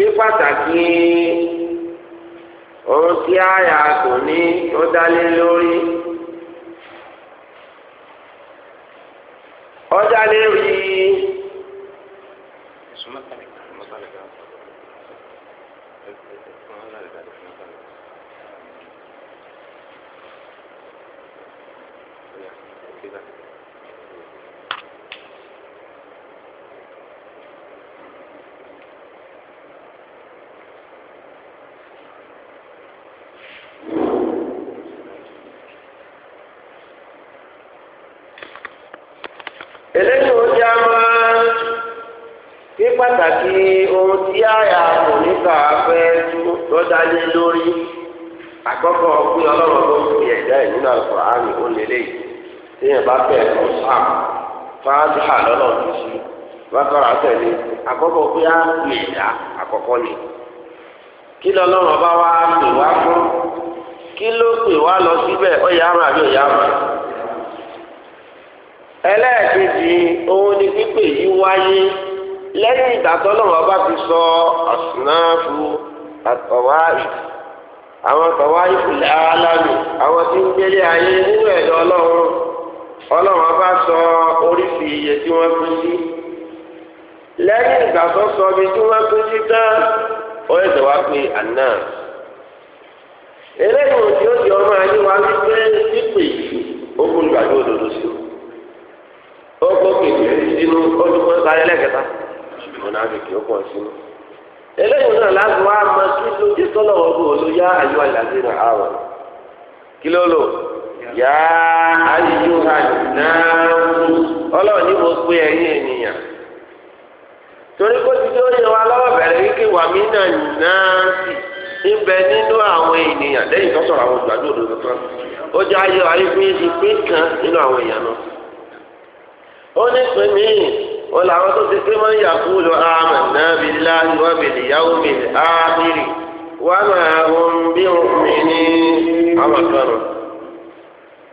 sí pàtàkì ohun tí àyà tòní tó dálé lórí. lábẹ́ ọ̀sán fáájà lọ́nà tó ṣe bákàrà tẹ̀lé àkọ́kọ́ pé á lè dá àkọ́kọ́ ni kí lọ́lọ́run bá wá pè wá fún kí ló pè wá lọ síbẹ̀ àmà àbí àmà ẹlẹ́ẹ̀kejì òun ni yìí wáyé àwọn àtọ̀wá àwọn tí ọlọ́run ọba sọ oríṣi iye tí wọ́n pín sí lẹ́yìn ìgbà tó sọ ibi tí wọ́n pín sí tán ó yẹ kí wá pé àná eléyìí tí ó di ọmọ ayé wa wípé pípé yìí ó kún ìgbàgbé òdodo sí o ó kó kékeré sínú ó dúpọ́ sáré lẹ́kẹ̀ta ṣùgbọ́n náà kékeré ó pọ̀ sínú eléyìí náà láti wá máa kí ló dé sọ́lọ́wọ́ bò ó ló yá àyọ̀ àyàlẹ́ rẹ̀ àwọ̀ kí ló lò ó. ya ayíyó ha náà ọlọ́run ní mo pé ẹ̀yin ènìyàn torí kó ti tó yẹ wa lọ́wọ́ bẹ̀rẹ̀ wíkì wà mí náà náà sì ń bẹ nínú àwọn ènìyàn lẹ́yìn tó sọ̀rọ̀ àwọn ìgbàdo ó ayé kan nínú àwọn èèyàn náà ó ní wọn làwọn tó ti máa ń lọ náà bí láàyè ìyàwó mi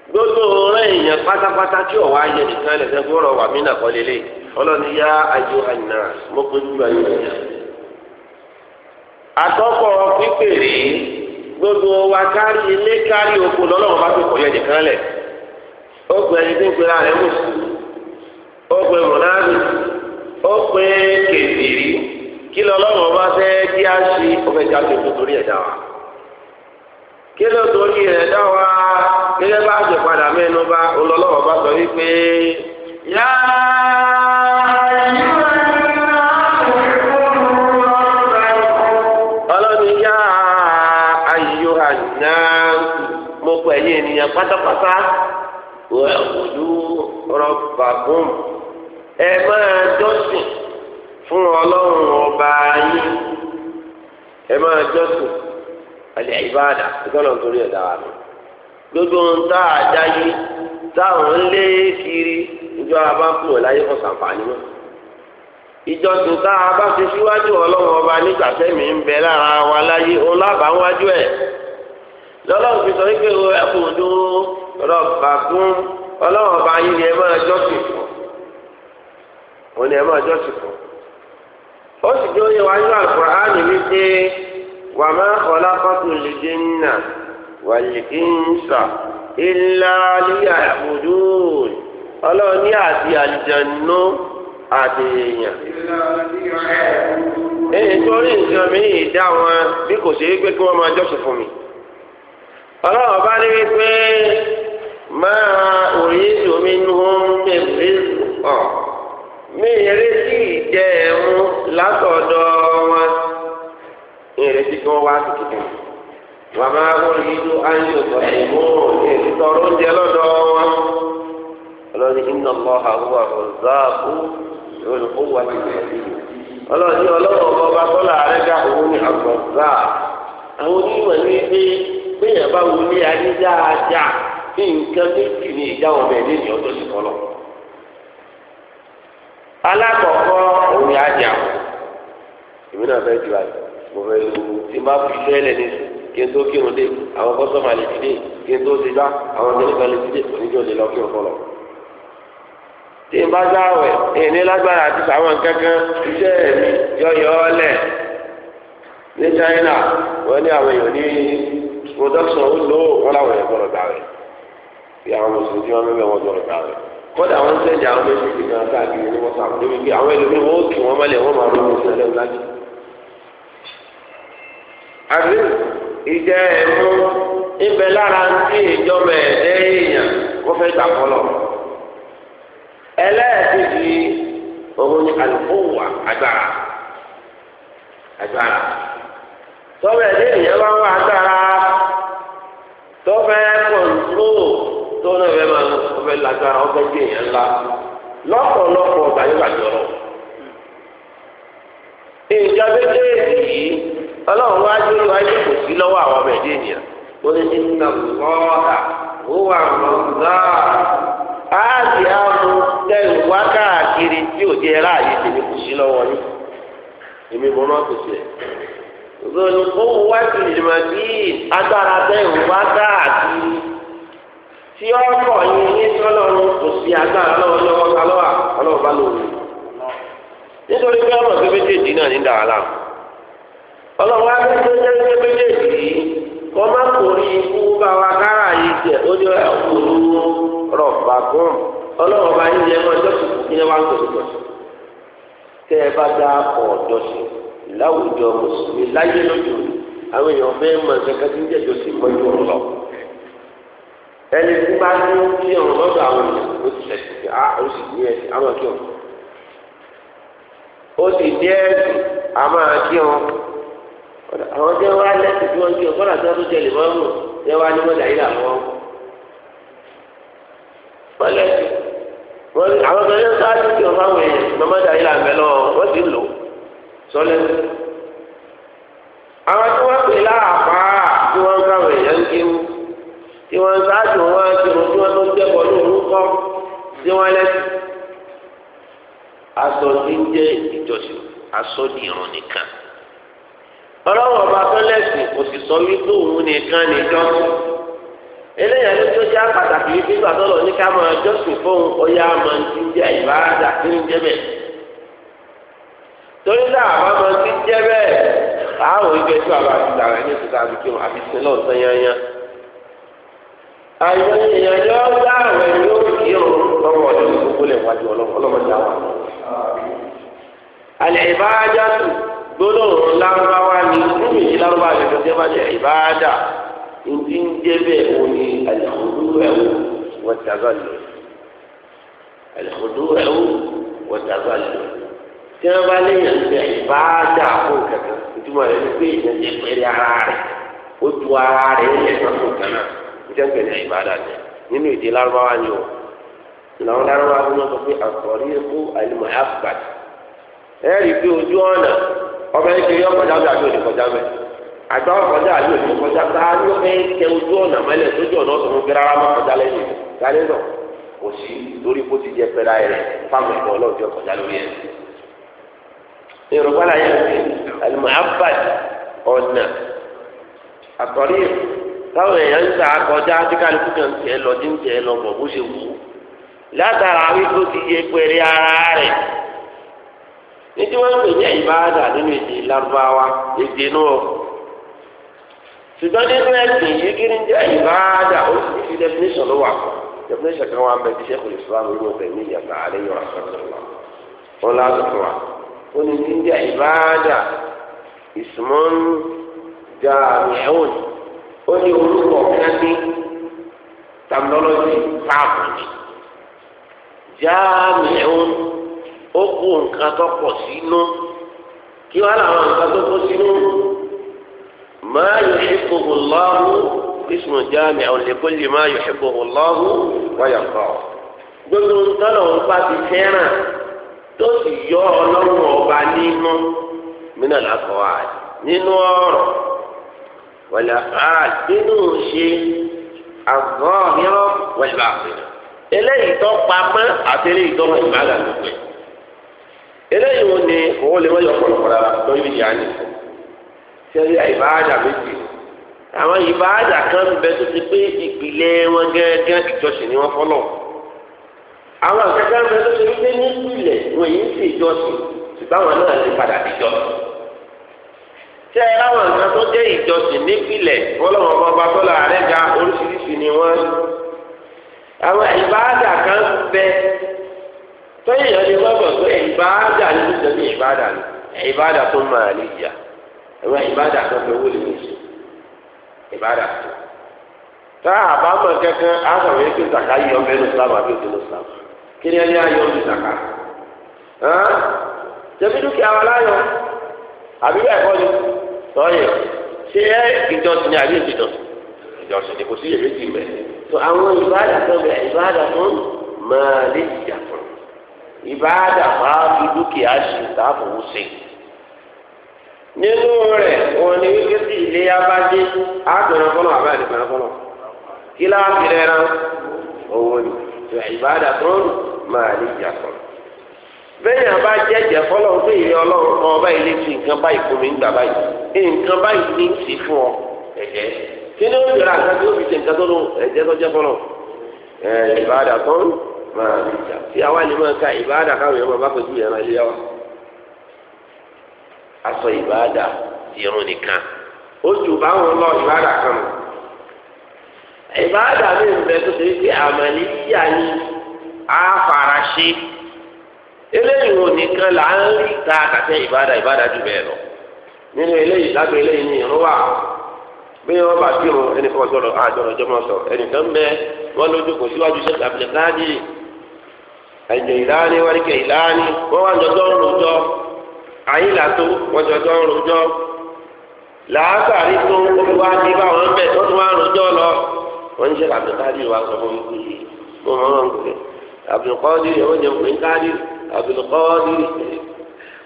gbogbo ọ̀rẹ́ èèyàn pátápátá tí ọ̀wá ayé nìkan lẹ́sẹ̀ gbọ́rọ̀ wà mí nàkọ́ yá ayò àyìnà mo pé ju ayò gbogbo wa kárí ilé kárí oko lọ́lọ́run bá tó nìkan ẹni ń kí bá kí á ṣe torí wa kí gẹ́gẹ́ bá jẹ padà mẹ́nu bá olólọ́wọ́ bá sọ wípé ọlọ́ni yá ayò àná mo pọ̀ ẹ̀yìn ènìyàn pátápátá ojú rọ́bà fún ẹ máa jọ́sìn fún ọlọ́run ọba yín ẹ máa jọ́sìn àlẹ́ ìbáàdà mi. gbogbo nta tá a dá yìí táwọn ń lé kiri ìjọ abákùn ọ̀láyé kò sàǹfààní mọ́ ìjọsìn tá a síwájú ọba nígbà ń bẹ lára wa láyé ẹ̀ lọ́lọ́run fi sọ wípé o fún ọlọ́run ọba yín ni ẹ máa fún òun ni ẹ máa wàlìkínsà ilá líyà àbùdùn ọlọ́run ní àti àlìjẹ̀nú àti èèyàn. èyí torí nǹkan mi yìí dá wọn bí kò ṣeé pé kí wọ́n máa jọ́sìn fún mi. ọlọ́run bá ní wípé máa òrí ìdòmí nù mí rí ọ̀ mí retí ìjẹ́ ẹ̀mú látọ̀dọ̀ wọn. ìrètí kí wọ́n wá sí kìkì wàmà olùyíjú ayé ọ̀tọ̀ ìmú èyí tọrọ oúnjẹ lọ́dọ̀ wọn. ọlọ́ni iná lọ àwọn ọ̀záàbù olùkówó àti ìrẹ̀lẹ̀. ọlọ́ni ọlọ́wọ́ bọ́ba bọ́lá àrẹ́gà òun ni àgbọ̀nzá. àwọn onímọ̀ ní ilé gbéyàn bá wọlé ayé dáadáa ní nǹkan méjì ní ìjà wọn bẹ̀rẹ̀ ní ọ̀dọ̀ sí kọ́lọ̀. alákọ̀ọ́kọ́ òun yà á jà. èmi náà jù àjọ mo fẹ́ tí má fi fẹ́ lẹ́ni sùn kí n tó kírun dé àwọn kọ́sọ́mà lè ti dé kí n tó ti dá àwọn kẹ́lẹ́gbà lè ti dé oníjọ́ lè lọ kí n fọlọ́. tí n bá sáwẹ̀ ìní lágbára àti sàwọn kankan iṣẹ́ mi yọyọ lẹ̀ ní China wọ́n ní àwọn èèyàn ní production ó lò wọ́n láwọn èèyàn gbọ́dọ̀ gbà rẹ̀ bí àwọn mùsùlùmí tí wọ́n mẹ́mẹ́ wọn gbọ́dọ̀ gbà rẹ̀ kódà àwọn ń sẹ́jà àwọn méjì ti kan káàkiri ní wọ́sàpù débi pé àwọn ẹlòmíì wọn ó kì wọ́n mọ́lẹ̀ wọ́n máa ronú sílẹ̀ lẹ́wọ̀n láti. àbí ìjẹ ẹmu ibẹ lára ń tí ìjọba ẹdẹ èèyàn kó fẹ́ gbà fọlọ ẹlẹ́ẹ̀kejì òun ni àlùkòwà agbára agbára tọ́wọ́ ẹ̀dẹ́ èèyàn bá wà agbára tọ́fẹ́ kọ̀ǹtró tó náà fẹ́ máa fẹ́ lágbára ọ̀fẹ́ gbé èèyàn ńlá lọ́pọ̀lọpọ̀ ọ̀gbà yóò bàjọ́ lọ. ìjọba ẹ̀dẹ́ èyí. ọlọ́run wá jó lọ ayé kò sí lọ́wọ́ àwọn ọmọ ẹ̀dẹ́ ènìyàn ó ní ní nàkúrọ́ọ̀dà ó wà á sì á mú tẹ̀lé wá káàkiri tí ò jẹ́ ráàyè tèmi kò sí lọ́wọ́ yín èmi mọ́ náà kò sí ẹ̀. òṣèlú kó wá sí ìlìmọ̀ bí agbára tẹ̀lé wá káàkiri tí yín ní sọ́lọ́run kò sí agbára lọ́wọ́ lọ́wọ́ kálọ́wà bá nítorí pé ọlọ́run á fẹ́ jẹ́ jẹ́ méjèèjì yìí kọ́ má torí ikú bá wa kára yìí jẹ́ ó jẹ́ òru rọ̀bà gùn ọlọ́run bá yín tuntun kí ẹ wá ń tẹ́ ẹ bá dá ọkọ̀ ọ̀dọ́ sí láwùjọ mùsùlùmí láyé lójú àwọn èèyàn bẹ́ẹ̀ mọ̀ tí ń jẹ́jọ́ sí mọ́jú ọ̀rọ̀ ẹni tí bá kí ọ̀rọ̀ lọ́dọ̀ àwọn èèyàn ó ti àwọn jẹ́ wá lẹ́sìn tí wọ́n jẹ́ ọ̀gbọ́n àti ọdún jẹ́ lèmọ́mù jẹ́ wá ní mọ́tà yìí làwọn. wọ́n lẹ́sìn wọ́n àwọn ọmọ ẹ̀yọ́ sáájú tí wọ́n máa wẹ̀ mọ́tà yìí làwọn lọ wọ́n ti lò sọ lẹ́sìn. àwọn tí wọ́n pè láàpá tí wọ́n bá wẹ̀ yẹn kéwú tí wọ́n sáájú wọn á ti rò tí wọ́n tó jẹ́ bọ́ lórúkọ tí wọ́n lẹ́sìn. aṣọ ti ń ìjọsìn nìkan. ọlọ́run ọba tó lẹ́sìn kò sì sọ wípé òun nìkan nìkan eléyà ló tó já pàtàkì wípé gbàdọ́lọ̀ ní ká máa jọ́sìn fóun ọyá máa ń ti jẹ́ ìbáradà tí ń jẹ́ bẹ́ẹ̀ torí náà àwọn máa ń ti jẹ́ bẹ́ẹ̀ àwọn ìgbẹ́ tí wàá bá ti dàrẹ́ ní ìtúta àbíkí wọn àti sinọ́ ọ̀sán yányá àyọ̀ ìyànjọ́ dáhùn ẹ̀ ló kí òun ọ̀dọ́ gbogbo wájú ọlọ́mọdé gbólóhùn lárúbáwá ni níbi ìdí lárúbáwá ni tó jẹ́ ìbáàdà ìdí ń jẹ́ bẹ́ẹ̀ wò ní àlùkòdú ẹ̀wò lò àlùkòdú ẹ̀wò wọ́n lò tí wọ́n bá léèyàn jẹ́ ìbáàdà ìtumọ̀ pé ìyẹn o làwọn ni sọ pé ọmọ yẹn kiri ọkọjá bẹ àbí oníkọjá bẹ àgbà ọkọjá àbí oníkọjá tá a ló fẹ́ tẹ ojú ọ̀nà mẹ́lẹ̀ sójú ọ̀nà ọ̀sán fún kíra má kọjá lẹ́yìn kálí náà kò sí lórí kó ti jẹ pẹ́lá rẹ̀ fáwọn ẹ̀kọ́ ọlọ́ọ̀dẹ ọkọjá lórí ẹ̀. yorùbá la yẹn fi àlùmọ́ abad ọ̀nà àtọ̀rí táwọn èèyàn ń ta kọjá tí kálukú kan tiẹ̀ lọ tí ń tiẹ̀ lọ bọ̀ bó ṣe wù ú látara wípé nítorí wọn pè ní ìbáradà nínú èdè Lárúbáwá èdè náà ṣùgbọ́n nínú ẹ̀sìn yìí kí ni jẹ́ ìbáradà ó sì fi definition ló wà fún definition kan wà ń bẹ tí sẹ́kùn Islam ló bẹ̀ ní ìyàtọ̀ àlẹ́ yọ̀ àṣàlọ́lá wọn láti fún wa ó ní ní jẹ́ ìbáradà ìsúnmọ́n jàmì ẹ̀wọ̀n ó ní orúkọ kẹ́ni tàbí lọ́lọ́sì pààkì jàmì ẹ̀wọ̀n ó kú nǹkan tó pọ̀ sínú kí wọ́n làwọn nǹkan tó pọ̀ sínú máa yọ ṣíkòkò lọ́hùn bísùn jáàmì àwọn lẹ́kọ́ lè máa yọ ṣíkòkò lọ́hùn wáyà kọ́ gbogbo ntọ́nà ń bá ti fẹ́ràn tó sì yọ ọlọ́run ọba nínú mínà làkọ́ àdì nínú ọ̀rọ̀ wàlà àdì nínú ṣe àgọ́ mìíràn wàlà àpèrè eléyìí tó pamọ́ àti eléyìí tó mọ̀ ìbára lópin eléyìí wọn ni owó lè mọ́yọ̀ pọ̀lọpọ̀ rárá lórí ìyá ni sẹ́rí àìbáàdà méjì àwọn ìbáàdà kan bẹ tó ti pé ìpìlẹ̀ wọn gẹ́gẹ́ ìjọsìn ni wọ́n fọlọ́ àwọn akẹ́kọ̀ọ́ bẹ tó ti pé nípìlẹ̀ wọn yìí ń ṣe ìjọsìn ṣùgbọ́n àwọn náà ti padà dìjọ tẹ àwọn nǹkan tó jẹ́ ìjọsìn nípìlẹ̀ fọlọ́wọ́n bọba tọ́lá àrẹ́gà oríṣiríṣi ni wọ́n àwọn ìbáàdà kan bẹ tẹ́yìn ẹni gbọ́dọ̀ pé ìbáàdà ní nítorí ìbáàdà ní ìbáàdà tó máa lè yà ẹ̀wọ̀n ìbáàdà tó fi owó lè ní sí ìbáàdà tó. tá a bá mọ̀ kankan á sọ̀rọ̀ zaka yọ sábà kí ni ẹni zaka. dúkìá wa láyọ̀ àbí bẹ́ẹ̀ kọ́ ni ṣé ẹ ìjọsìn ni àbí ìjọsìn ìjọsìn ni kò sí àwọn ìbáàdà tó ìbáàdà máa fi dúkìá ṣe ìdáàbòbò ṣe nínú rẹ wọn ni wípé tí ilé abájé àgbẹ̀rẹ̀ fọlọ́ àbá ìdìbẹ̀rẹ̀ fọlọ́ kí láàbì rẹ̀ rán owó ni tó ìbáàdà tó ń máa ní ìjà kan bẹ́ẹ̀ àbá jẹ́jẹ́ fọlọ́ pé ìrẹ ọlọ́run kan ọba ilé ti nǹkan báyìí fún mi nígbà báyìí nǹkan báyìí ní ti fún ọ ẹ̀jẹ̀ kí ni ó yọra àgbà tí ó fi ṣe nǹkan tó lò ẹ̀jẹ̀ tó jẹ́ fọlọ́ ìbáàdà tó ń máa lè jà tí àwa lè máa ka ìbáàdà káwọn èèyàn máa bá pẹ̀lú ìyàrá ilé wa aṣọ ìbáàdà irun nìkan ó jù báwọn lọ ìbáàdà kan nù ìbáàdà mi ń bẹ tó ṣe pé àmàlí yíyá ni á fara ṣe eléyìí wọn nìkan là ń rí ta àtàtẹ ìbáàdà ìbáàdà jù bẹ́ẹ̀ lọ nínú eléyìí lábẹ́ eléyìí ni ìrún wà bí wọn bá bí wọn ẹnì kan sọ̀rọ̀ àjọrò jọmọ sọ ẹnì kan bẹ wọn lójú kò síwájú sẹkẹ àbílẹ káàdì ẹjẹ ìlànì wọn kẹ ìlànì wọn wà jọjọ ń rojọ àyìn làtó wọn jọjọ ń rojọ làákàrí tó omi wá ní báwọn bẹ tó tún wá rojọ lọ wọn ṣe àbíkádì wa sọ fún mi mo mọ wọn kúrẹ àbíkọ́dì ẹ̀ wọ́n jẹ pé kádì àbíkọ́dì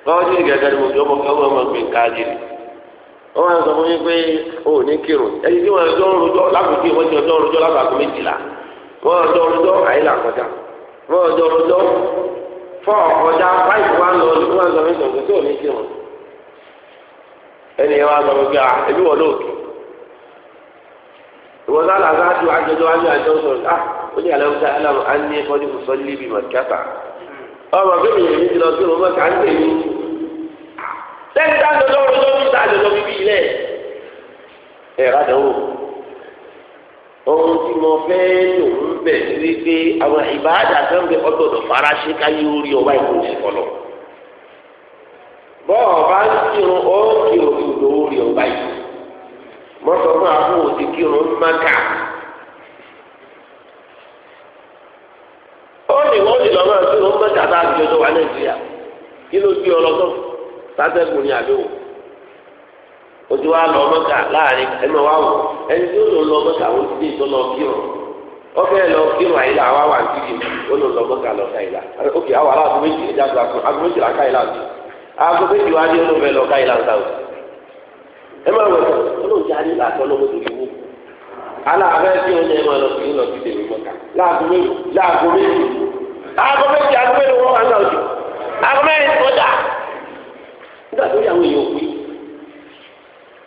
kọ́dì gẹ́gẹ́ ni mo jọ mọ káwọn ọmọ pé kádì wọn wá sọ fún mi pé o ò ní kírun ẹni tí wọn jọ ń rojọ lákòókò wọn jọjọ ń rojọ lábàkú méjìlá wọn jọ ń rojọ àyìn làkọjá. wọn ọjọ́ ọjọ́ fọ ọjà báyìí wọn lọ ní wọn lọ tó ní lọ a ebi wọn lóòkè ìwọ sálà sáájú àjọjọ wájú àjọ ah ó ní àlọ́ ọ̀sán aláwọ̀ á ní ẹ̀kọ́ ní kùsọ́ níbi mọ̀tíkàtà ọmọ bí mi yẹn ti lọ sí ọmọ kà ń tẹ̀ bíbí ohun tí mo fẹ́ lò ń bẹ̀ wípé àwọn ìbáàdà kan bẹ fara káyé orí ọba ìkòlù ìkọlọ. bọ́ọ̀ bá ń kírun ó kírun orí ọba yìí kírun máka. ó wọ́n lè máka bá a nàìjíríà kí ló gbé ọ ní ojú wa lọ mọ́tà láàrin ẹnu wa wò ẹni tó lò lọ lọ kírun ọfẹ lọ kírun àyílà wa wà nídìí ó lọ lọ mọ́tà lọ káyìlà ókè àwọn aláàbò méjì ní dàgbà fún agbó méjì láka ìlà ọ̀sẹ̀ méjì wa ní lọ káyìlà ẹ máa lọ́wọ́ tó ẹ máa lọ sí láàbò méjì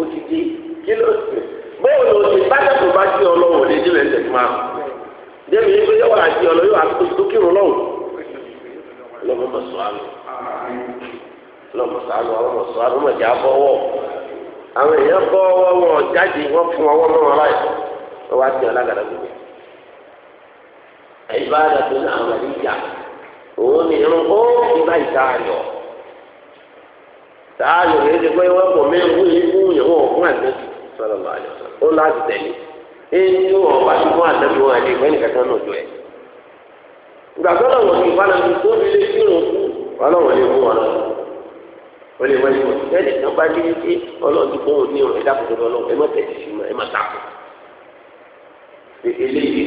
òtítì kí ló sì bóòlù òsì bájàpọ̀ bá ti ọlọ́run òde dé lẹ́sẹ̀ fún wa débi yìí pé yọ̀wọ̀ àti ọlọ́run yóò àti tó kírun lọ́wọ́ lọ́mọ sọ àlọ́ lọ́mọ sọ àlọ́ sọ àlọ́ bọ́wọ́ àwọn èèyàn bọ́ ọwọ́ wọn jáde wọ́n fún ọwọ́ wọ́n gbogbo ẹ̀yìn bá dàgbé náà àwọn ìjà òun ni irun ó ìgbà ayọ̀. sáàyò yìí ti pé wọ́n kò mí wú ibú ìwọ̀n fún àtẹ́sí sọ̀rọ̀ máa yọ ó láti tẹ̀lé ẹni tí wọ́n wá fún àtẹ́sí wọn àti ìgbẹ́ni kankan náà jọ ẹ̀. ìgbà tó lé lè mú wọn lọ. lè bá dé ní ọ̀rẹ́ dákòtò lọ́wọ́ ẹ má sí ẹ má eléyìí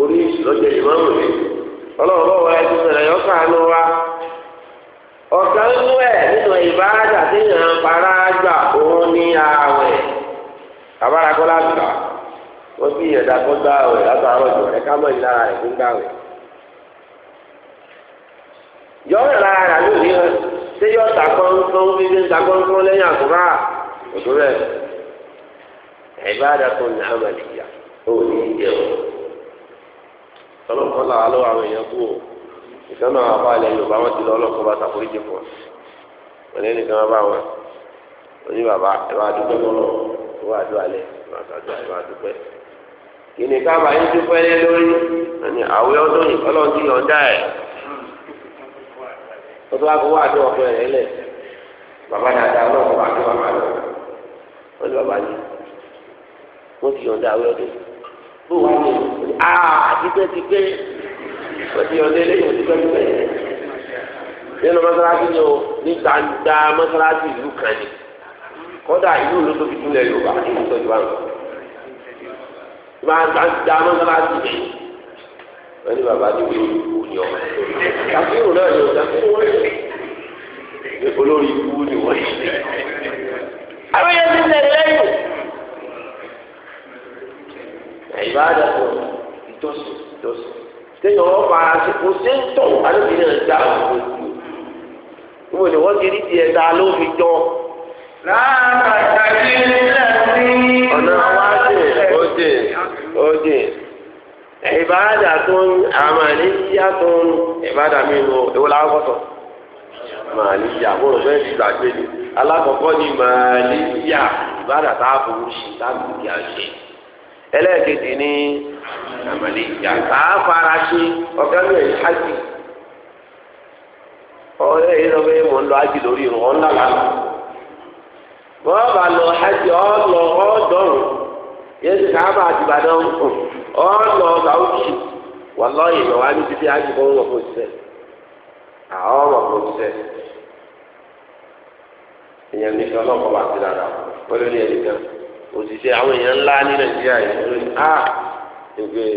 orí lọ́jọ́ ìmáàmù mi ọlọ́run bọ̀ wọlé tó sẹlẹ̀ yọ káàánú wa ọ̀kan nínú ẹ̀ nínú ìbáradà tí yàn án gbà òun ní ààwẹ̀ àbárakọ́ lágbà wọ́n fi ìyẹ̀dá gbà ààwẹ̀ látọ̀ tọ́lọ̀ kan là á lọ́wọ́ àwọn èèyàn kú o ìkan náà wà fáwọn ilẹ̀ yorùbá wọn ti lọ ọlọ́kọ̀ bá sàkóríjì fún ọ pẹ̀lú ẹnìkan wọn bá wọn oní bàbá ẹ máa dúpẹ́ mọ́nà ẹ wá dúpẹ́ alẹ́ ẹ máa sàdúrà ẹ máa dúpẹ́ kìnìún káàbà yín dúpẹ́ lé lórí ẹni àwẹ̀ ọdún yìí ọlọ́run ti yàn dá ẹ̀ ó tó wá kó wá dé ọ̀pọ̀ ẹ̀ lẹ̀ bàbá dáadáa ọlọ́run bá dé wá máa lọ wọn ni bàbá yìí wọ́n ti yàn dá àwẹ̀ ọdún yìí bó wà ní àtijọ́ ti gbé òtí ọdẹ lẹ́yìn òtí gbẹ́ gbẹ́ nínú mọ́sálásí ni o ní gbangba mọ́sálásí ìlú kan ni kọ́dà ìlú ló tóbi jùlẹ̀ Yorùbá ìtọ́jú wa lọ. gbangba mọ́sálásí ni wọ́n ní bàbá tó wí ìlú ni kàfíìrù náà ni ọ̀gá fún wọn olórí ìlú ni wọ́n yìí. àwọn yẹn ti tẹ̀lé lẹ́yìn ìbáàdà tó ìtòsí ìtòsí téèyàn wọn fara sí kò sí ń tọ̀ alóbìnrin náà dá òkú ojú wọn ni wọn kiri tiẹ̀ dá lómi jọ. láàbàtàkì lẹ́sìn. ọ̀nà wa dè ó dè ó dè ìbáàdà tó ń àmàlí yá tó ń ìbáàdà mi lò èwo làwọn kọ sọ màálí yá kó ló fẹ́ẹ́ ti gbàgbé ni alákọ̀ọ́kọ́ ni màálí yá ìbáàdà tá a fò ń ṣe tá a lò kí a ṣe. ẹlẹ́ẹ̀kejì ni àmàlẹ́ ìjà káfara ọ̀rẹ́ yìí lọ bẹ́ẹ̀ mọ̀ ń lọ hajj lórí ìrùn ọ̀nà lánà wọ́n bá lọ hajj ọ̀lọ́ ọ̀dọ́rùn yéésù káfà àtìbàdàn ọ̀lọ́ gàúchì wà ọ lọ́wọ́ á ní títí hajj kó ń wọ̀ fún àwọn ọmọ ìyẹn ní àti òṣìṣẹ́ àwọn èèyàn ńlá ní nàìjíríà yìí lórí a ah, ẹgbẹ́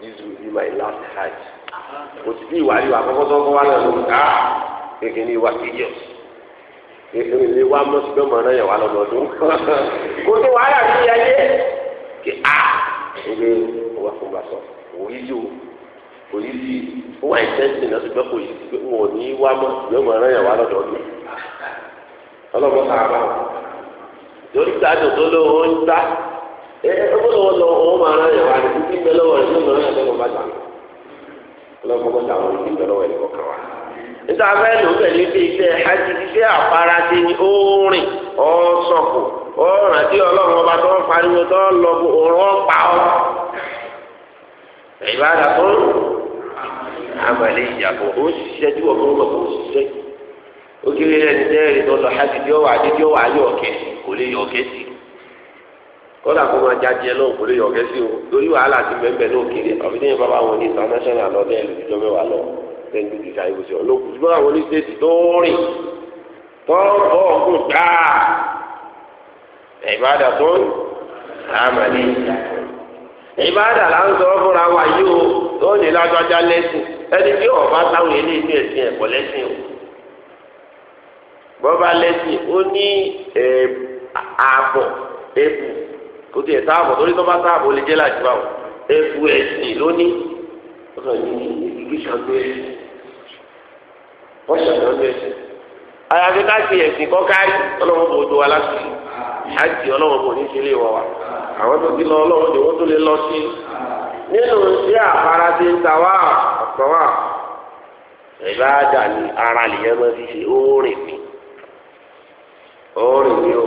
this will be my last hajj òṣìṣẹ́ ìwádìí wà kọ́kọ́ sọ́kọ́ wà lọ́wọ́ lórí a ah, kékeré ní ìwà kejìọ́ kékeré ní ìwà mọ́sùgbọ́n mọ́ náà yẹ wà lọ́dọọdún kò tó wàhálà sí ayé kí a ah, ẹgbẹ́ wà fún bàtọ́ òyìn yìí o òyìn yìí ó wà ìtẹ́sí náà ṣùgbọ́n kò yìí wọn ò ní wà mọ́sùgbọ́n mọ́ náà yẹ wà lọ́dọọdún ọlọ́mọ sáà bá wọn lórí gbádùn tó lówó ń gbá ẹ ọgbọ́dọ̀ lọ òun máa rán ẹ̀wà ní títí pẹ́ lọ́wọ́ rẹ̀ yóò lọ́rùn àtẹ́wọ̀n bá tà lọ́kọ́kọ́ tà wọ́n ti pẹ́ lọ́wọ́ ẹ̀ kọ̀ọ̀kan wa. níta fẹ́ lò pẹ̀lú ibi iṣẹ́ hajj iṣẹ́ àfarasí ni ó rìn ọ́ sọ̀kù ọ́ rántí ọlọ́run ọba tó ń pariwo tó ń lọ bó òun ọ́ pa ọ́. ìbára fún àmàlẹ́ ìyàbọ̀ ó ṣiṣẹ́ tí wọ́n fún ọ ògiri ẹni tẹ́rì tó lọ hajj tí ó wà ní tí ó wà ayé ọ̀kẹ́ kò lè yọ ọ̀kẹ́ sí kódà kó máa jáde ẹ lóhùn kò lè yọ ọ̀kẹ́ sí o lórí wàhálà ti bẹ́ẹ̀ náà kiri ọ̀fíìsì yẹn bábá wọn ní international lọ bẹ́ẹ̀ lójújọ mẹ́wàá lọ bẹ́ẹ̀ ní ìjà ìbò sí ọlọ́kùn ṣùgbọ́n àwọn oníṣẹ́ẹ̀tì tó rìn tó bọ̀ ọ̀kùn gbáà ìbádà tó ń àmàlẹ́ ìjà ìbádà là ń sọ fúnra wa yìí o tó ní lágbájá lẹ́sìn ẹni tí ọ̀bá táwọn eléyìí ẹ̀sìn ẹ̀kọ́ lẹ́sìn o bọ́ba lẹ́sìn ó ní eh, ààbọ̀ ẹ̀bù kò tiẹ̀ sáàbọ̀ torí tó bá sáàbọ̀ lè jẹ́ láti bá wọn ẹ̀bù ẹ̀sìn lónìí ó sọ ní ìgbésàn tó ẹ̀sìn wọ́n ṣàtàn tó ẹ̀sìn. àyàfi ká ṣe ẹ̀sìn kọ́kárí ọlọ́wọ́ bò tó wa láti àti ọlọ́wọ́ bò ní ṣe lè wọ̀ wá àwọn tó ti lọ ọlọ́wọ́ ni wọ́n tó lè lọ sí nínú iṣẹ́ àfarasí tàwa àtọwà ìbáàdà ni ara lè yẹn máa fi òórì ni o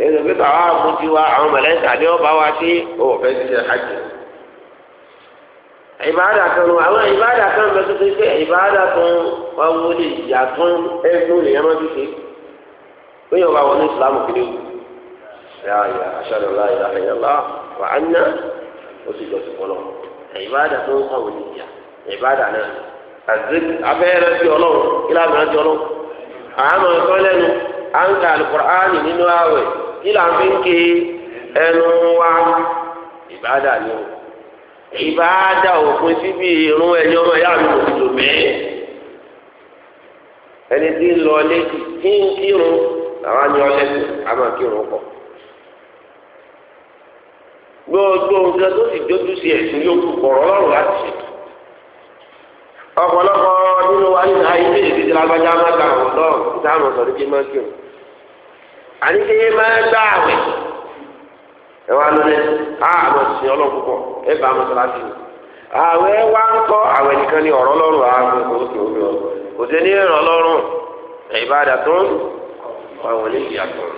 èyí ló fi tà wá àmúti wa àwọn mẹlẹ́ta ni ó bá wa sí òfẹ́ ti ṣe hajj ìbáàdà kan ló àwọn ìbáàdà kan ló tó ti pé ìbáàdà kan ọmọ olè ìyá tún ẹgbẹ́ olè yẹn máa ti ṣe pé yóò bá wọn ní islam kiri o yáàyà aṣáájú aláì láàyè lá wà á ná ó sì jọsìn fọlọ ìbáàdà tó ń kọ̀wé ní ìyá ìbáàdà náà àti abẹ́rẹ́ ti ọlọ́run kí láàmì rántí ọlọ́run àmọ́ ẹ̀kọ́ lẹ́nu. à ń ka alukur'ani nínú àwẹ̀ kí là ń fi ké ẹnu wa ìbáàdà ni o ìbáàdà òpin síbi irun ẹni ọmọ ya mi kò tó ẹni tí ń lọ létí kí ń kírun làwọn ni ọlẹ́sìn á máa kírun gbogbo nǹkan tó dójú sí láti nínú wa àníṣe yẹn máa gbá àwẹ̀ ẹ wá lónìí á àmọ̀ sí ọlọ́run púpọ̀ ẹ bá àmọ̀ sọlá sí i àwẹ̀ wá ń kọ́ àwẹ̀ nìkan ni ọ̀rọ̀ lọ́rùn ààrùn kò sí omi ọ̀rọ̀ kò sí ní ìràn lọ́rùn ìbáradà tó ń àwọn eléyìí àtọ̀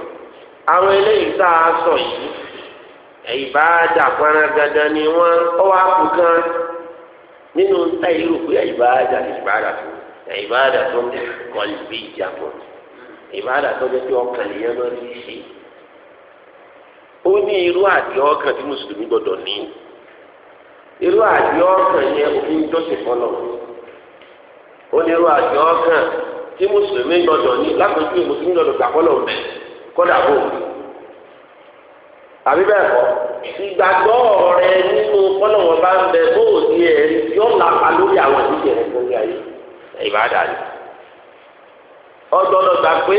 àwọn eléyìí tá a sọ yìí ìbáradà panagada ni wọ́n ọ wá kú kan nínú táyì rò pé ìbáradà ìbáradà tó ìbáradà tó ń kọ́ ìbí ìjà pọ̀ jù ìbáàdà tó jẹ́ pé ọkàn nìyẹn lọ ní í ṣe ó ní irú àdì ọkàn tí mùsùlùmí gbọdọ̀ ní irú àdì ọkàn yẹn òfin jọ́sìn fọlọ́ ó ní irú àdì ọkàn tí mùsùlùmí gbọdọ̀ ní lápẹjú mùsùlùmí gbọdọ̀ gbà fọlọ́ mẹ́ kọ́dà bò àbí bẹ́ẹ̀ kọ́ ìgbàgbọ́ rẹ nínú fọlọ́wọ́n bá ń bẹ bóòdì ẹ̀ yọ̀ lápá lórí àwọn ìdíje rẹ lórí ayé ìbáàdà yìí. ọgbọ́dọ̀ gbà pé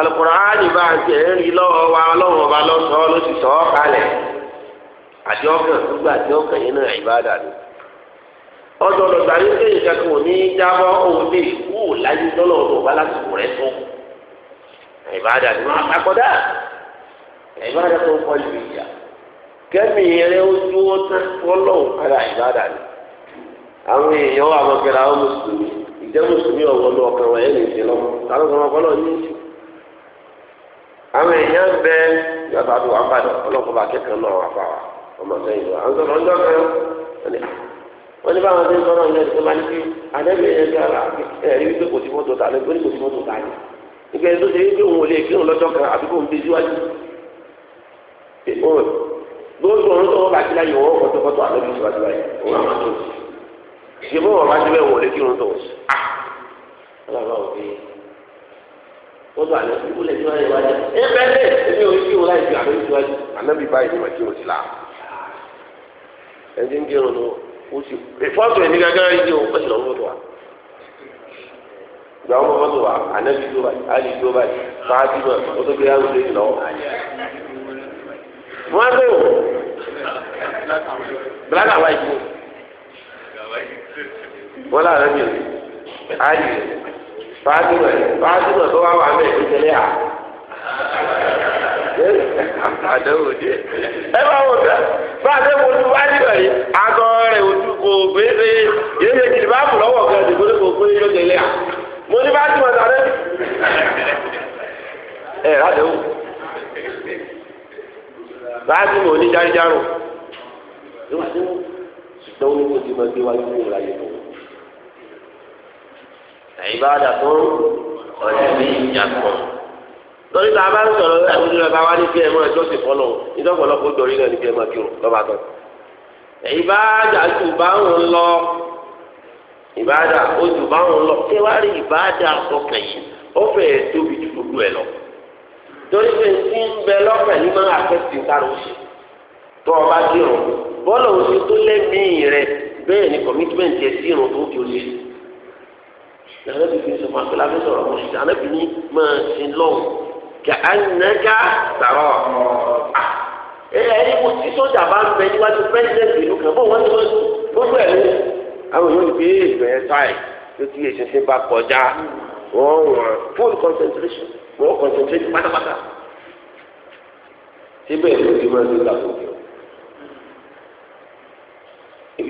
Al-Qur'ani bá jẹ ẹrí lọ́wọ́ wa ọba lọsọ ló sọ ọ àti ọkàn gbogbo àti ọkàn náà ìbáàdà ni ọgbọ́dọ̀ gbà yín pé ìkẹkọọ òní jábọ òun láyé lọlọ ọba láti kù rẹ tó ni wọn àkọdá tó ń kọ ìjẹ́ mùsùlùmí ọ̀wọ́ lọ ọ̀kan wọ̀nyẹ́ lè ṣe lọ sáré kan ọkọ náà yíṣu. àwọn èèyàn bẹ yàtọ̀ àti wàá bàdàn ọlọ́kùnrin akẹ́kọ̀ọ́ náà wà fáwà ọmọ sẹ́yìn lọ. à ń sọ̀rọ̀ ọjọ́ ṣe ń sọ̀rọ̀ kò sí mọ́tò tà kò sí ìṣèlú wọn bá síbẹ̀ wọlé kí wọn tó wọn sùn á bá wọn bí wọn bá lọ sí ìwúlẹ ẹ bẹ́ẹ̀ èmi ò ní kí láì ju àmì ànábì báyìí ni ti là ẹni ń o sì ẹni gángan yìí o ó sì wa ìgbà wọn wa ànábì tó báyìí tó báyìí tó gbé yàrá wọn làwọn mi àyè fàájúmọ̀ fàájúmọ̀ tó wà wà mẹ́ ìtẹ̀lẹ́ à. àdéhùn dé ẹ bá wò dá fàájúmọ̀ ojú fàájúmọ̀ yìí àgọ́ rẹ̀ ojú kò gbèsè yéé ṣe kìlì bá mú lọ́wọ́ kan ìdìbò kò gbé yóò tẹ̀lé à. mo ní fàájúmọ̀ sáré. ẹ àdéhùn fàájúmọ̀ oníjàríjàrò ṣùgbọ́n ó ní kó ti máa gbé wáyé fún ìlàyé tó. ìbáradà tó ọ̀rẹ́ mi yàtọ̀ lórí tá a bá ń sọ̀rọ̀ ẹ̀mí ló bá wá ní bí ẹ̀mú ẹjọ́ sì fọ́lọ̀ ìdọ́gbọ̀lọpọ̀ jọrí náà ní bí ẹ̀mú akérò lọ́ba tán. ìbáradà tó bá ń lọ ìbáradà ó ju bá ń lọ ṣé wàá rí ìbáradà sọkàn yìí ó fẹ́ẹ́ tóbi ju gbogbo ẹ̀ lọ torí pé ń bẹ lọ́kàn ní máa àfẹ́sì ìtara oṣù tó ọba dé ọ̀hún bọ́ọ̀lù òun ti tó lẹ́mìí rẹ bẹ́ẹ̀ ni commitment yẹ sí irun tó kí o lè nàlẹ́ bí fi sọ̀rọ̀ àti lábẹ́ sọ̀rọ̀ mo ṣiṣẹ́ àlẹ́ bí ní máa ṣe lọ́wọ́ kà á nàgà sàrọ̀ ẹ ẹni mo ti sọ́jà bá ń bẹ níwájú pẹ́sidẹ́ntì ìlú kan bọ́ọ̀ wọ́n ti wọ́n gbogbo ẹ̀ ló àwọn yóò gbé ìgbẹ̀yẹ táì ló ti èsìsìn bá kọjá wọ́n wọ́n full concentration wọ́n concentrate pátápátá síbẹ̀ ló ti máa ń lò lákòókò.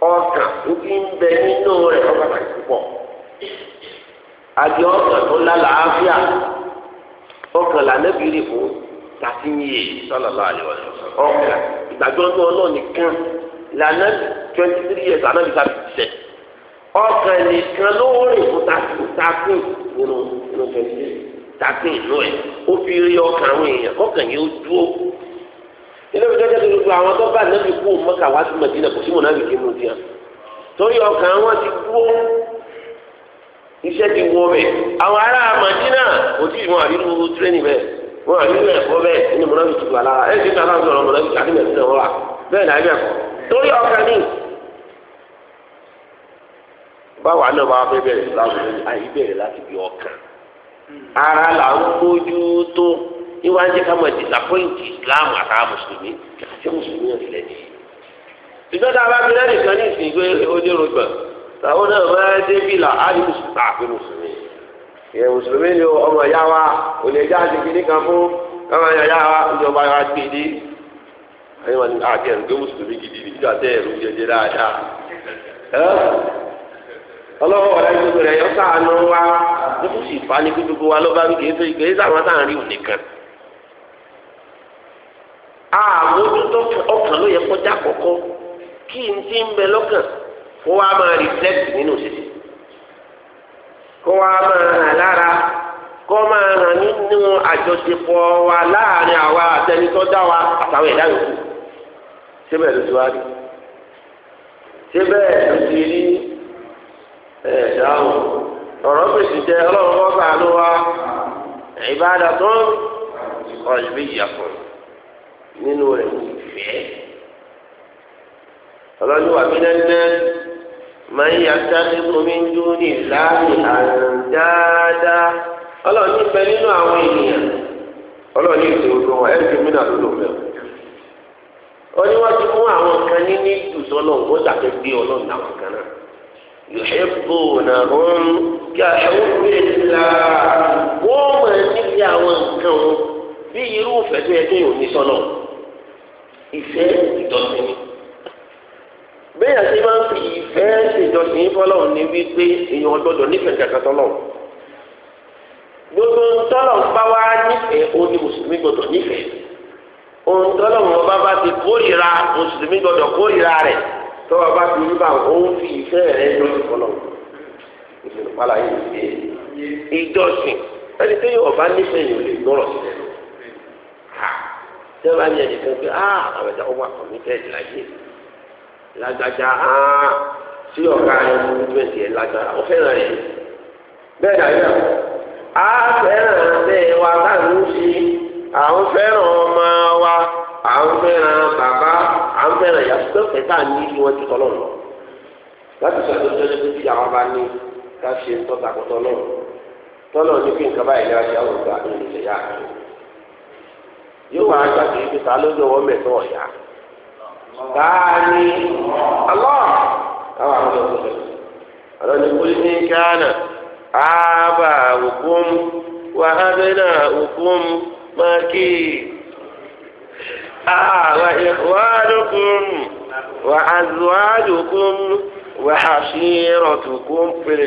ọkàn ibi ń bẹ nínú rẹ̀ ọba pàtàkì púpọ̀ àbí ọkàn tó lálàáfíà ọkàn lànàbìrì fún tàbí yìí sallallahu alaihi wasallam ọkàn ìgbàgbọ́ tó ọlọ́ọ̀ nìkan lànà twenty three years ànábi tàbí tẹ̀ ọkàn nìkan ló rìn fún tàbí nínú twenty three tàbí nínú ẹ̀ ó fi rí ọkàn àwọn èèyàn ọkàn yẹn ó dúró ilé ìjọba tó gbogbo àwọn tó bá nàbì kú mọ́kà wá sí màdínà kò sí mọ̀ nàbì kí mú tiẹ̀ torí ọkàn wọn ti kú iṣẹ́ ti wọ bẹ́ẹ̀ àwọn ará màdínà kò tí ì wọn àbí lu tírénì bẹ́ẹ̀ wọn àbí lu ẹ̀kọ́ bẹ́ẹ̀ nínú mọ̀nàbì tó wà lára ẹ̀ ti ta láti ọ̀rọ̀ mọ̀nàbì àti mẹ̀sìnà wà bẹ́ẹ̀ náà bẹ́ẹ̀ kọ́ torí ọkàn ní. báwa náà bá fẹ́ bẹ̀rẹ̀ láwùjọ àyíbẹ̀rẹ̀ láti bí ọkàn ara là ń mójú tó ìwà ń jẹ́ ká mọ̀ disappoint islam àtàwọn mùsùlùmí àti mùsùlùmí ọ̀sẹ̀ ni. ṣùgbọ́n tá a bá fi lẹ́nu kan ní ìsìn ìgbé onírúgbà táwọn náà máa dé bílà á ní mùsùlùmí ah, àfi mùsùlùmí. ìyẹn mùsùlùmí ni ọmọ ìyá wa kò lè já àti kìíní kan fún ọmọ ìyá wa ìjọba wa gbé dé. ayé wọn ni àti ah, ẹ̀rù gbé mùsùlùmí gidi ní ìjọ àti ẹ̀rù jẹjẹ dáadáa. ọlọ́wọ́ ọ̀rẹ́ gbogbo rẹ̀ yọ sáà nù wa ó sì fa gbogbo wa lọ́ba wí kì í sáwọn táà ń rí òun nìkan. àmójútó ọkàn ló yẹ kọjá kí n ti ń bẹ lọ́kàn kó wá máa reflect nínú kó máa hàn lára kó máa hàn nínú àjọṣepọ̀ wa láàrin àwa àtẹnitọ́ dá wa àtàwọn ẹ̀dá yòókù síbẹ̀ ló ti wá rí síbẹ̀ ló ti rí ẹ̀ dáhùn ọ̀rọ̀ fèsì jẹ́ ọlọ́run wa ìbáradà tó nínú rẹ̀ ní ìfẹ́ ọlọ́ni wà mí nẹ́nẹ́ máa ń yà sáré kọ́mí dúró ní ìlànà àrùn dáadáa ọlọ́ni bẹ nínú àwọn ènìyàn ọlọ́ni ìṣòro wọn ẹ̀rí mi náà ló ó ní wọ́n ti mú àwọn kan ní ní náà wọ́n gbé ọlọ́run kan náà wọ́n àwọn nǹkan wọn bí irú ìfẹ́ tó yẹ ìfẹ́ ìjọsìn ni. bẹ́ẹ̀ àti máa ń fi ìfẹ́ ìjọsìn yín fọlọ́run ní wípé èèyàn gbọ́dọ̀ nífẹ̀ẹ́ kankan tọ́lọ́run. gbogbo tọ́lọ́run bá wá nífẹ̀ẹ́ ó ní mùsùlùmí gbọ́dọ̀ nífẹ̀ẹ́. ohun tọ́lọ́run ọba bá ti kórìíra mùsùlùmí gbọ́dọ̀ kórìíra rẹ̀ tọ́wọ́ bá ti rí bá òun fi ìfẹ́ rẹ̀ jọ́sìn fọlọ́run. ìjọsìn ẹni tó yóò bá nífẹ̀ẹ́ yìí ò lè gbọ́rọ̀ sílẹ̀ tí wọn bá yẹ nìkan pé ah àwọn ẹja ọwọ committed láyé lágbájá ah sí ọ̀gá ẹ̀mú twenty ẹ̀ lágbára ó fẹ́ràn rẹ̀ bẹ́ẹ̀ dàbí á fẹ́ràn bẹ́ẹ̀ wá láàánú sí àwọn fẹ́ràn ọmọ wa àwọn fẹ́ràn bàbá àwọn fẹ́ràn yàtọ̀ ẹ̀ta ní ibi wọn ti tọ́ lọ́nà láti sọ tó tẹ́lẹ̀ tí àwọn bá ní ká ṣe tọ́ta kọ́tọ́ náà tọ́lọ̀ ní kí nǹkan báyìí ní aṣáájú ìgbà ìrìnlẹ̀ yóò wá gbàgbé ibi ta lójú ọwọ́ mẹ́tọ́ ọ̀yà. Báyìí alọ́ káwọn àwọn ọmọ ọ̀sẹ̀ ọ̀rọ̀ ní kúlí ní Gánà ábà òkúm wà ábẹ́nà òkúm mákì àwà ìwádùkùm wà àzùwádùkùm wà àṣírọ̀tùkùm péré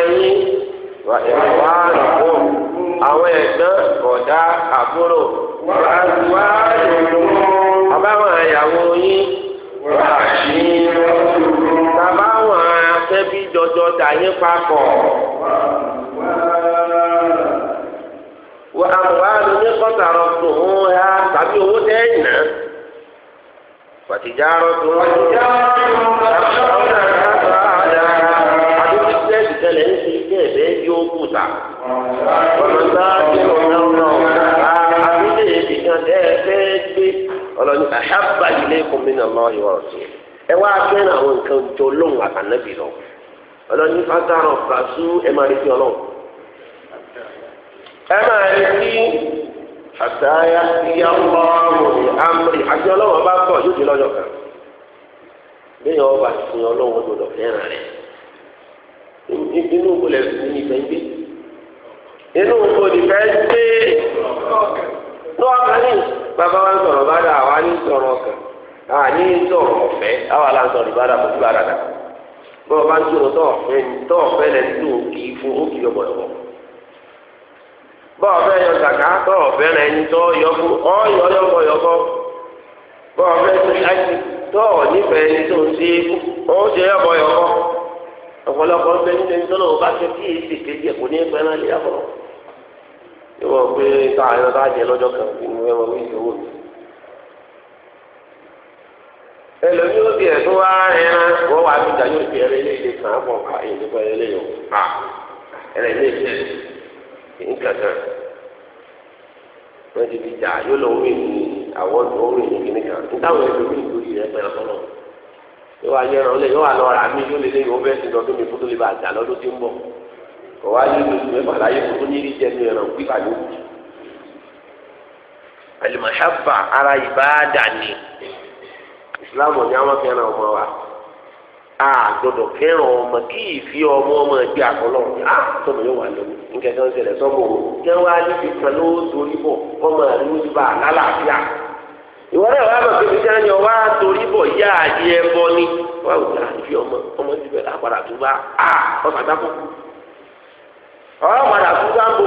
yín wà ìwà àlùkò àwọn ẹ̀gbọ́n ọ̀dá àbúrò wà ìwà àlùkò àbáwọn ìyàwó yín wà ìwà àlùkò tàbáwọn akẹ́bí jọjọ dà yín papọ̀ wà àwọn àlùkọ́tà rọ̀ tó ń kùtà. ọ̀nà sáájú ọ̀nà ọ̀nà àwọn nǹkan jọ lóhùn àtànẹ́bì lọ. ọlọ́ni fàṣú ẹ máa ọlọ́run. ẹ máa àtàyà àti ọlọ́run yóò di lọ́jọ́ kan. bí yẹn ọba ọlọ́run rẹ̀. inú kò lè fi ní ìgbẹ́ gbé inú kò lè fẹ́ gbé tó a ní bàbá wa ń sọ̀rọ̀ bá dà wá ní sọ̀rọ̀ ọ̀kan à ní sọ̀rọ̀ ọ̀fẹ́ àwa la ń sọ̀rọ̀ bá dà bójú bára dà bọ́ọ̀ bá ń sọ̀rọ̀ tó ọ̀fẹ́ tó ọ̀fẹ́ lẹ tó kì fún ó kì í fẹ́ yọ ọ̀fẹ́ ń tọ́ fún yọ ọ̀pọ̀lọpọ̀ ọbẹ̀ níta ní tọ́lọ̀ ọba tó kí èsì kejì ẹ̀kọ́ ní ẹgbẹ́ náà níyàwó ìwọ pé ta àyọ̀ bá jẹ lọ́jọ́ kan kí ni wọ́n wí ìṣòwò mi. ẹlòmí ó tiẹ̀ tó wá ẹran wọ́n wá bí ìdájọ́ ìfi ẹrẹ iléeṣẹ́ kan pọ̀ ká ìdíkọ̀ ẹlẹ́yọ̀ pa ẹrẹ iléeṣẹ́ nǹkan kan wọ́n ti fi jà yóò lọ wí ní àwọn tó wí ní kíníkan nítawọn ẹlòmí ìlú yìí ẹgbẹ́ ọ̀pọ̀lọpọ̀ yóò wá yẹ ẹran lẹ yóò wá lọ rà mí yóò lé lẹ́yìn ọbẹ ti lọ́dún mi fúdú lè bá àjà lọ́dún tí ń bọ̀ kò wá yé lóṣù mẹ́fà láyé fúdú ní ìdíjẹ ní ẹran pípa yóò wù. alimahaba ara ìbáàdà ni islam ní àwọn fẹ́ràn ọmọ wa a gbọ́dọ̀ fẹ́ràn ọmọ kí ìfi ọmọ ọmọ ẹgbẹ́ àkọlọ a sọmọ yóò wà lọ nkẹkẹ ń ṣẹlẹ̀ sọmọ o kẹwàá níbi kan ló dorí bọ ọmọ rẹ ló ti bá a lálàáfíà ìwọ náà wàá bàbá mi sáà yàn wá torí bọ̀ yá àyè ẹbọ ni wàá wò láà fi ah, ọmọ ọmọ ti bẹ̀rẹ̀ àpàdà tó bá a ọ̀sà dákọ̀ ọ̀rọ̀ padà tó bá ah, ń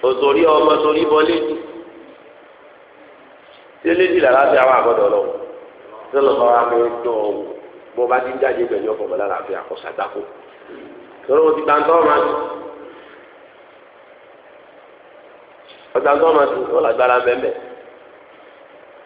bo òtòrí ọmọ torí bọ́ létí tí létí làrá fi àwọn àgọ́dọ̀ lọ sọlọ bá wà mí dọ̀ ọ́ bọ́ bá ti ń jáde pẹ̀lú ọkọ̀ bọ́lá làfi àkọ́sà dákọ̀ sọlọ ti gbàǹtọ́ ọmọ àti ọ̀tàǹtọ́ ọmọ àti ọ̀làgbára mẹ́mẹ́.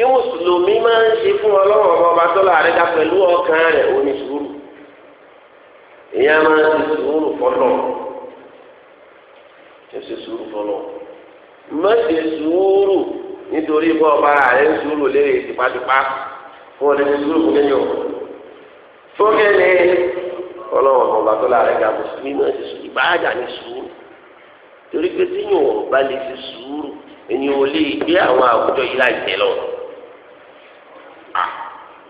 bí mùsùlùmí máa ń ṣe fún ọlọ́run ọba ọba tọ́lá rẹ̀ dá pẹ̀lú ọkàn rẹ̀ òní sùúrù èyí á máa ṣe sùúrù fọlọ́ ṣe ṣe sùúrù fọlọ́ má ṣe sùúrù nítorí bọ́ ọba rẹ̀ ń sùúrù léèrè tipátipá fún ọdẹ ṣe sùúrù fún kẹ́yọ̀ fún kẹ́lẹ́ ọlọ́run ọba ọba tọ́lá dá mùsùlùmí máa ṣe sùúrù ìbáàjà ní sùúrù torí pé tíyàn ọba lè ṣe sùúrù ènìyàn ò lè gbé àwọn àwùjọ yìí láì tẹ̀ lọ́wọ́.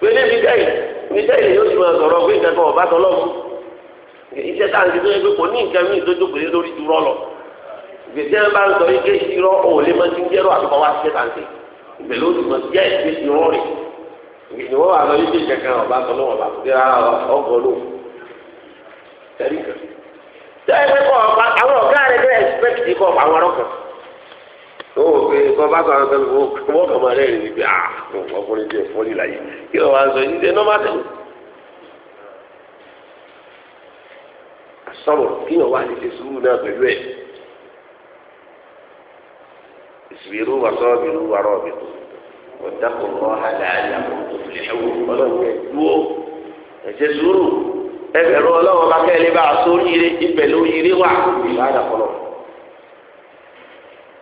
pẹ̀lú mikael mikael yóò ti máa sọ̀rọ̀ pé nǹkan kan ọba tọlọmù iṣẹ́ tá à ń ṣe tó yẹ pé kò ní nǹkan míì tó jókòó lórí ju rọlọ gbèsè ẹ bá ń sọ ike irọ́ òòlé máa ti ń jẹrọ àtúkọ wá ṣiṣẹ́ tá à ń ṣe ìgbèlú ó ti máa jẹ rẹ̀ ìgbèlú wà lọ yí kéèké kan ọba tọlọmù ọba tọlọmù ọba ọgọ ló tẹrí kan tẹ ẹ fẹ àwọn ọgá rẹ bẹ ó wò pé bọ́bá kan kan wọ́n kàn máa ah, ọkùnrin fọ́lì láyé kí ló nọ́mbà tẹ̀. sọ̀rọ̀ kí wàá lè sùúrù náà pẹ̀lú ẹ̀ wà sọ́ọ́ rọ̀ ọlọ́run sùúrù ọlọ́run bá a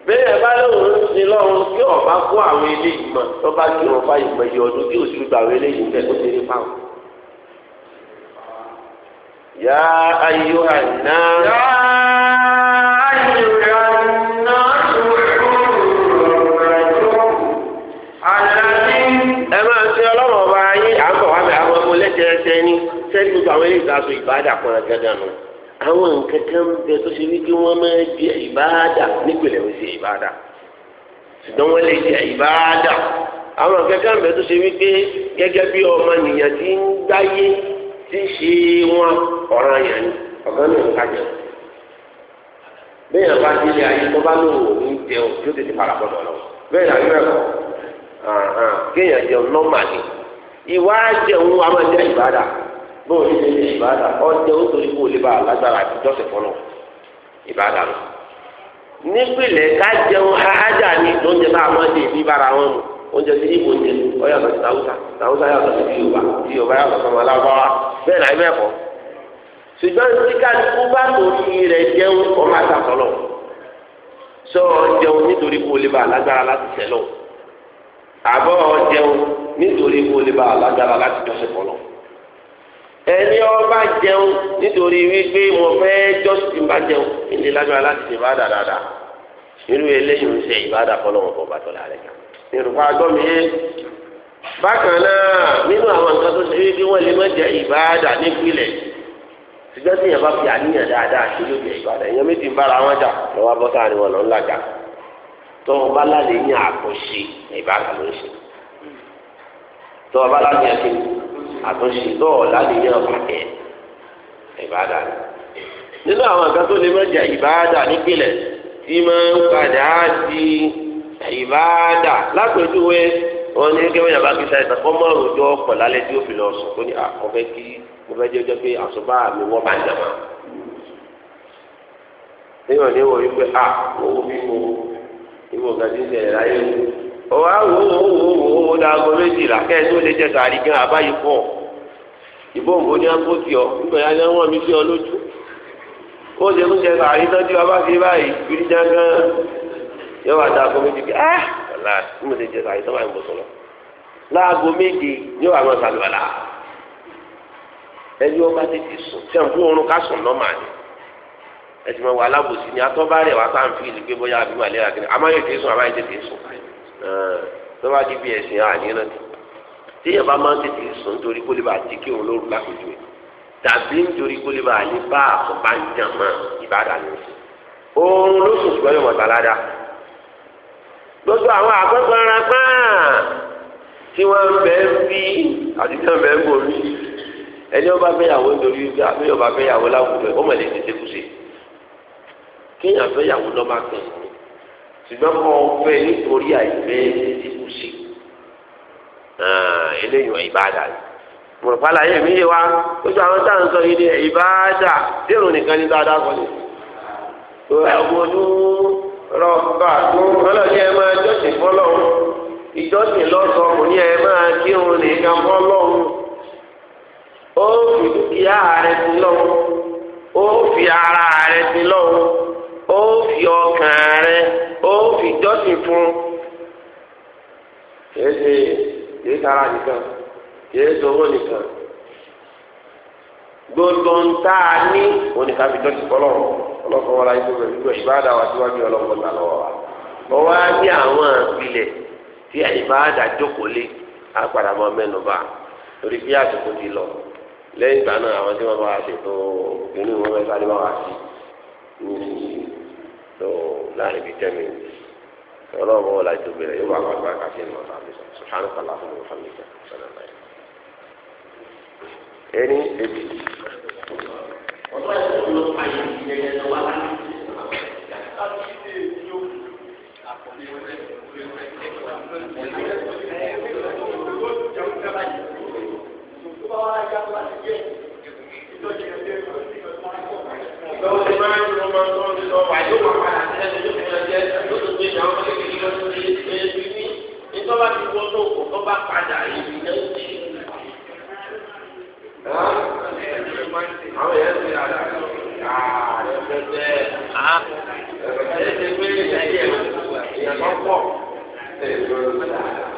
bẹ́ẹ̀ bá lóun ní lọ́run kí ọba kó àwọn eléyìí mọ̀ tó bá kí wọn fáyìí mọ iye ọdún kí oṣù gbà wọ eléyìí bẹ́ẹ̀ tó ti rí fáwọn. Ya ayò àná. yá ayò àná ẹ máa ṣe ọlọ́run ọba yín àwọn ọmọ ní sẹ́yìn gbogbo àwọn a so àwọn nǹkan kan ń bẹ tó ṣe wípé wọ́n máa jẹ ìbáàdà nípìnlẹ̀ wọ́n ṣe ìbáàdà ṣùgbọ́n wọ́n lè jẹ ìbáàdà àwọn nǹkan kan ń bẹ tó ṣe wípé gẹ́gẹ́ bí ọmọ nìyàn ti ń gbáyé ti ṣe wọn ọ̀ràn yẹn ni ọ̀gá náà ń kájà bẹ́ẹ̀ bá délé ayé tó bá lò wò ní jẹun tó tètè fara gbọdọ̀ lọ bẹ́ẹ̀ náà yóò ẹ̀kọ́ kéèyàn jẹun nọ́ọ̀mà ni ìwà jẹun a máa jẹ ìbáàdà bóun ní ṣe ní ìbáàdà ọjọ́ ó torí kó o lè bá a lágbára àtijọ́ sì fọlọ́ ìbáàdà lọ. nípìnlẹ̀ ká ajá ni oúnjẹ bá a máa dé ìbí bára wọn mu oúnjẹ tí ń jẹ sí yorùbá yorùbá náà ṣùgbọ́n bá sọ nítorí kó o lè bá a lágbára láti tẹ̀ lọ àbọ̀ nítorí kó o lè bá a lágbára láti ẹni ọba jẹun nítorí wípé mo fẹ́ jọ́sìn bá jẹun ilé lágbára láti ṣe bá dàdàdà irú eléyìí ń ṣe ìbáda fọlọ́wọ́n fọba tó la rẹ̀ ká. ìrùkọ́ àgọ́ mi yé bákan náà nínú àwọn nǹkan tó ṣe wípé wọ́n lè má jẹ ìbáda nípìnlẹ̀ ṣùgbọ́n tí yẹn bá fi àníyàn dáadáa ṣe ló jẹ ìbáda èèyàn méjì ń bára wọn jà lọ́wọ́ abọ́tà ni wọn lọ ń làjà tó wọn bá lálẹ́ ní àkọ́ṣe ìbáda ló ń ṣe tó wọn àtúnṣe tó ọ̀la lè yàn bàjẹ́ ìbáàdà nínú àwọn nǹkan tó lè má jẹ ìbáàdà nípìnlẹ̀ tí máa ń padà di ìbáàdà lápèjúwe wọn ní kí wọn yàrá kí sáyẹn tàkọ mọ àròjọ ọkọ lálẹ́ tí ó fi lọ sùn tó ní àkọfẹ kí mo fẹ́ jẹjọ pé àsọbá mi wọn bá ń dàmà níwọ̀n ní wọ́n yí pé a owó mímu ìwọ gàdí sẹ̀rẹ̀ láyé o. ọ̀wá wo wo wo wo wo dago méjìlá kẹ́ẹ̀ tó lè jẹ gàrí gan abáyé pọ̀ ìbọn òbó ní akó sí ọ nígbà yá ni wọn mi sí ọ lójú ó ṣe ń ṣe àrí tọ́jú ọba fi báyìí kiri jágán yọ wà dá aago méjì bí ah ọ̀la ń mọ̀ ṣe jẹ àrí tọ́ba ìmọ̀ sọ̀rọ̀ láago méje yóò wà mọ̀ sàlùwàlà ẹni wọn bá tètè sùn tí wọn kú oorun ká sùn nọ́mà ni ẹtì mọ̀ wà alábòsí ni atọ́bárẹ̀ wà sáà ń fi ìlú pé bóyá àbí màlẹ́ àgbẹ̀ amáyé tètè tètè sùn tọ́ba téèyàn bá máa ń tètè sùn nítorí kó lè bá jí kí òun lóru lápòjú ẹ tàbí nítorí kó lè bá lè bá àkọ́bá ń jàn mọ́ ìbàdàn ní oṣù oorun ló sùn ṣùgbọ́n yóò mọ̀ tàládà gbogbo àwọn àkọ́kọ́ ara pààn tí wọ́n ń bẹ́ ń bí àti tí wọ́n bẹ́ ń borí ẹni ọba fẹ́yàwó nítorí wípé àbẹ́yẹ ọba fẹ́yàwó láwùjọ ọmọ ilé ti ṣekúṣe kéèyàn fẹ́yàwó lọ́ba kan ṣùgbọ́n kọ́ fẹ́ nítorí àìfẹ́ ṣekúṣe. Eh, eléyìí wọ ìbáàdà ni mùrùpàlà yẹn mi yé wa oṣù àwọn táwọn sọ yìí ni ìbáàdà dérò nìkan ní dáadáa kọ́ni ẹ̀wọ̀dún rọ̀bà tó ọlọ́ọ̀ni ẹ máa jọ́sìn fọlọ́hún ìjọ́sìn lọ́sọ̀ kò ní ẹ máa kírun nìkan fọlọ́hún ó fi dúkìá rẹ̀ sí lọ́hún ó fi ara rẹ̀ sí lọ́hún ó fi ọkàn rẹ̀ ó fi jọ́sìn fún kìí tara nìkan kìí sọwọ́ nìkan gbogbo ń tá a ní oníkàbíjọ́ ti kọ́ lọ́rùn ọlọ́fọ́ wọn láyé tó bẹ̀rẹ̀ gbogbo ìbáàdà wa síwájú ọlọ́wọ́ ta lọ́wọ́ wa wọ́n wá ní àwọn àpilẹ̀ tí ìbáàdà jókòó lé àpàdà mọ́ mẹ́nu bá torí bí àsìkò ti lọ lẹ́yìn ìgbà náà àwọn tí wọ́n bá wa ṣètò inú wọn mẹ́ta ni wọ́n wá sí ní tó láàrin bíi tẹ́mìtì ọlọ́run bọ́ wọlé àjọbí rẹ̀ yóò wà wà gbà káfí ní ọ̀sán àbísọ̀ sùhánù kàlá fún mi lọ́wọ́ ti máa ń lọ máa ń tọ́ lọ wà yóò wà padà sí ẹni tó fi ọjọ́ ẹ̀sán tó tó gbé ìyàwó kékeré lọ sí ilé ẹbí ní nítorí wọ́n bá ti wọ́n tó kò tó bá padà ìlú náà sí. àwọn èèyàn ti àdá ààrẹ pẹ́pẹ́ ẹ̀ẹ́dẹ́gbẹ́rẹ́ ìyàwó pọ̀ ẹ̀ẹ́dẹ́gbẹ́rẹ́